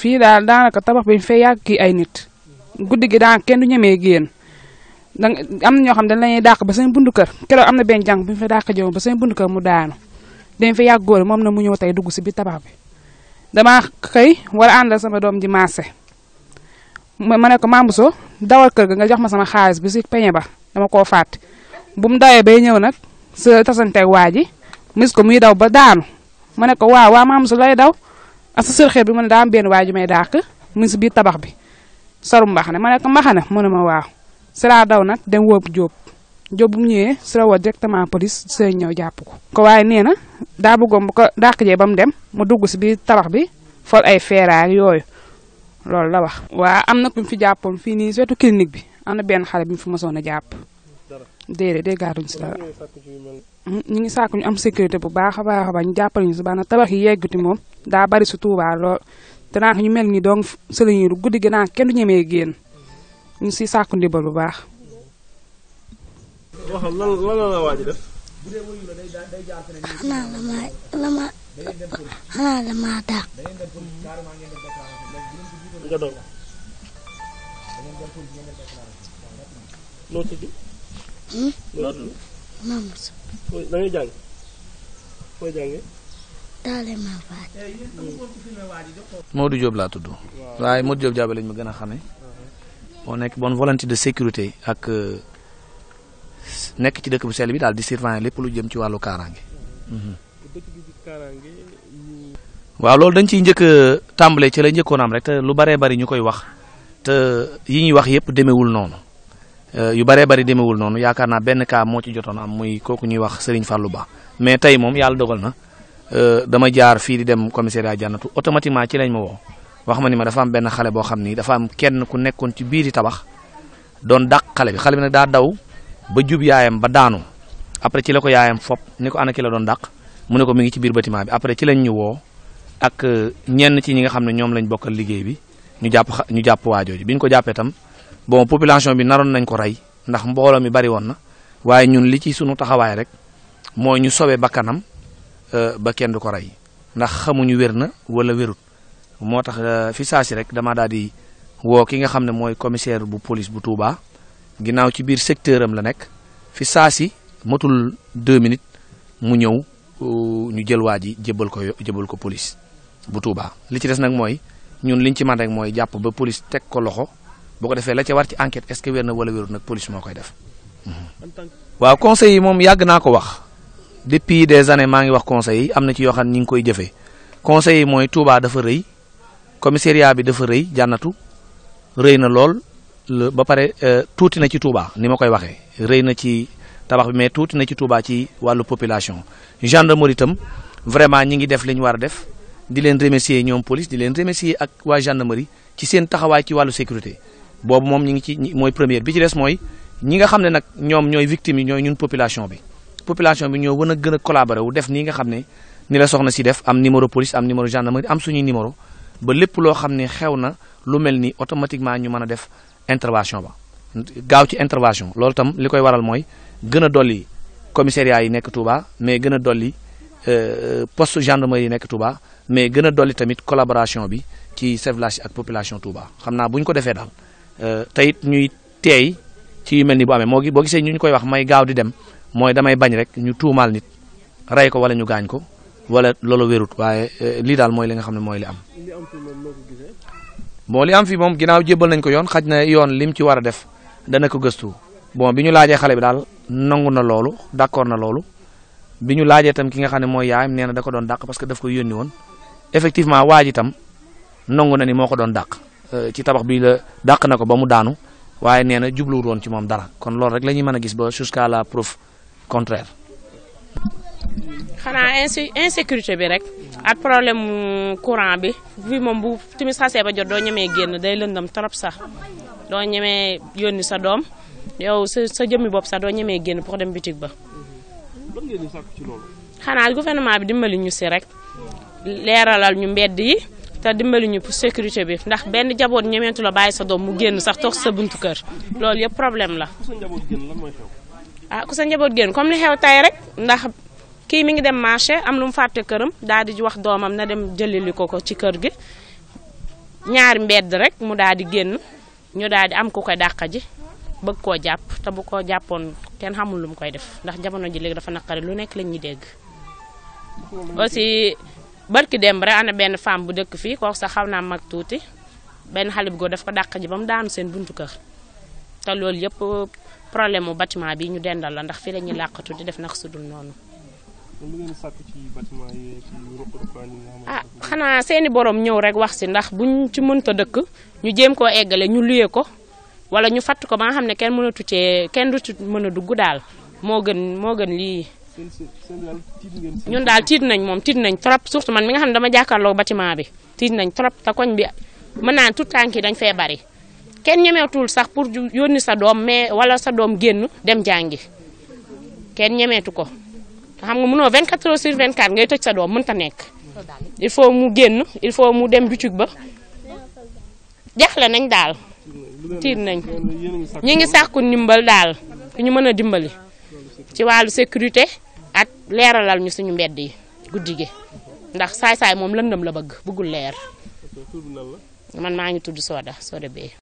fii daal daanaka tabax bi fee yàgg kii ay nit guddi gi daanaka kenn du ñemee génn dang am na ñoo xam dañ lañuy dàq ba seen bundu kër keroog am na benn jàng bu ñu fa dàq jëm ba seen bundu mu daanu dañ fa yàgg góor moom na mu ñëw tey dugg si bi tabax bi dama xëy war a sama doom ji marché ma ma ne ko Mame Bousso dawal kër ga nga jox ma sama xaalis bi si peñe ba dama koo fàtte bu mu dawee bay ñëw nag sa tasanteeg waa ji mis ko muy daw ba daanu ma ne ko asasur xeer bi mu ne daa benn waay ju may dàq mu si biir tabax bi saru mbaxane ma nekk ko mbaxane mu ne ma waaw si laa daw nag dem wóob Jóob Jóob bu mu ñëwee si la woo directement police sëñ ñëw jàpp ko. ko waaye nee na daa bëggoon bu ko dàq jee ba mu dem mu dugg si biir tabax bi fol ay feeraay yooyu loolu la wax. waa am na ku fi jàppoon fii nii surtout clinique bi am na benn xale bi mu fi mësoon a jàpp. déedéet dee gaatuñ si dara ñu ngi sàkk ñu am sécurité bu baax a baax a baax ñu jàppale ñu si na tabax yi yegguti moom daa bari su Touba lool te naa ñu mel ni donc sëriñ yi guddi gi naa kenn du ñemee génn ñu si sàkku ndimbal bu baax. noo tudd. Maam Moussa. da ngay jàng mooy jàngee. laa tudd. waaye Modou Diop Diaby lañ ma gën a xamee. Uh-huh. moo nekk bonne volonté de sécurité ak euh, nekk ci dëkk bu sell bi daal di surveiller lépp lu jëm ci wàllu kaaraange. Uh-huh. Uh-huh. waaw loolu dañ ciy njëkk a tàmbale ci la njëkkoon rek te lu baree bari ñu koy wax te yi ñuy wax yépp demewul noonu. Euh, yu bëree bëri demewul noonu yaakaar naa benn cas moo ci jotoon am muy kooku ñuy wax Serigne Fallou Ba mais tey moom yàlla dogal na euh, dama jaar fii di dem commissariat jànnatu automatiquement ci lañ ma woo wax ma ni ma dafa am benn xale boo xam ni dafa am kenn ku nekkoon ci biir biiri tabax doon dàq xale bi xale bi nag daa daw ba jub yaayam ba daanu après ci la ko yaayam fop ni ko ana ki la doon dàq mu ne ko mi ngi ci biir bâtiment bi après ci lañ ñu woo ak euh, ñenn ci ñi nga xam ne ñoom lañ bokkal liggéey bi ñu jàpp ñu jàpp waa jooju bi ñu ko jàppee tam bon population bi naroon nañ ko rey ndax mbooloo mi bari woon na waaye ñun li ci suñu taxawaay rek moo ñu sobe bakkanam euh, ba kenn du ko rey ndax xamuñu wér na wala wérut moo tax euh, fi saa rek dama daal di woo ki nga xam ne mooy commissaire bu police bu Touba ginnaaw ci biir secteur am la nekk fi saa si matul deux minutes mu ñëw euh, ñu jël waa ji jébal ko jébal ko police bu Touba li ci des nag mooy ñun liñ ci man rek mooy jàpp ba police teg ko loxo. boo ko defee la ca war ci enquête est-ce que wér na wala wérul nag police moo koy def. waaw conseil yi moom yàgg naa ko wax depuis des années maa ngi wax conseil yi am na ci yoo xam ne ñu ngi koy jëfee conseil yi mooy Touba dafa rëy commissariat bi dafa rëy jànnatu rëy na lool ba pare euh, tuuti na ci Touba ni ma koy waxee rëy na ci tabax bi mais tuuti na ci Touba ci wàllu population gendarmerie itam vraiment ñi ngi def lañu war a def di leen remercier ñoom police di leen remercier ak waa gendarmerie ci seen taxawaay ci wàllu sécurité. boobu moom ñi ngi ci mooy première bi ci des mooy ñi nga xam ne nag ñoom ñooy victimes yi ñooy ñun population bi population bi ñoo wan a gën a wu def nii nga xam ne ni la soxna si def am numéro police am numéro gendarmerie am suñuy numéro ba lépp loo xam ne xew na lu mel ni automatiquement ñu mën a def intervention ba gaaw ci intervention loolu tam li koy waral mooy gën a dolli commissariat yi nekk Touba mais gën a dolli euh, post gendarmerie yi nekk Touba mais gën a dolli tamit collaboration bi ci chef de ak population Touba xam naa bu ñu ko defee daal teyit ñuy teey ci yu mel ni bu amee moo boo gisee ñu ñu koy wax may gaaw di dem mooy damay bañ rek ñu tuumaal nit rey ko wala ñu gaañ ko wala loolu wérut waaye eh, lii daal mooy li nga xam ne mooy li am. bon li am fii moom ginnaaw jébbal nañ ko yoon xaj na yoon lim ci war a def dana ko gëstu bon bi ñu laajee xale bi daal nangu na loolu d'accord na loolu bi ñu laajee itam ki nga xam ne mooy yaayam nee da ko doon dàq parce que daf ko yónni woon effectivement waaj itam nangu na ni moo ko doon dàq. Euh, ci tabax bi la dàq na ko ba mu daanu waaye nee na jubluwul woon ci moom dara kon loolu rek la ñuy mën a gis ba jusqu'à la preuve contraire. xanaa insécurité bi rek. ak problème mu courant bi fii moom bu timis xasee ba jot doo ñemee génn day lëndam trop sax doo ñemee yónni sa doom yow sa sa jëmmi bopp sax doo ñemee génn pour dem bitig ba. xanaa gouvernement bi dimbali ñu si rek leeralal ñu mbedd yi. te dimbali ñu pour sécurité bi ndax benn jaboot ñementu la bàyyi sa doom mu génn sax toog sa buntu kër loolu yëpp problème la. ah ku sa njaboot génn comme li xew tay rek ndax kii mi ngi dem marché am lu mu fàtte këram daal di wax doomam na dem jëlili ko ko ci kër gi ñaari mbedd rek mu daal di génn ñu daal am ku koy dàq bëgg koo jàpp te bu koo jàppoon kenn xamul lu mu koy def ndax jamono ji léegi dafa naqari lu nekk lañ ñuy dégg aussi. barki dem rek ana benn femme bu dëkk fii kooku sax xaw naa mag tuuti benn xale bu góor daf ko dàq ji ba mu daanu seen buntu kër te loolu yëpp problème mu bâtiment bi ñu dendal la ndax fii la ñuy làqatu di def nag su dul noonu. ah xanaa seeni borom ñëw rek wax si ndax buñ ci mënta dëkk ñu jéem koo eggale ñu luyee ko wala ñu fatt ko ba xam ne kenn mënatu cee kenn du ci mën a dugg daal moo gën moo gën lii. ñun daal tiit nañ moom tiit nañ trop surtout man mi nga xam ne dama jàkkaarloo bâtiment bi tiit nañ trop te koñ bi mën naa tout tànk yi dañ fee bari kenn ñemeetul sax pour yónni sa doom mais wala sa doom génn dem jàngi kenn ñemeetu ko xam nga mënoo 24 heures sur 24 ngay tëj sa doom ta nekk il faut mu génn il faut mu dem butig ba jaxle nañ daal tiit nañ ñi ngi sàkku ndimbal daal ñu mën a dimbali ci wàllu sécurité ak leeralal ñu suñu mbedd yi guddi gi ndax saay-saay moom lëndëm la bëgg bëggul leer man maa ngi tudd Soda Soda Beye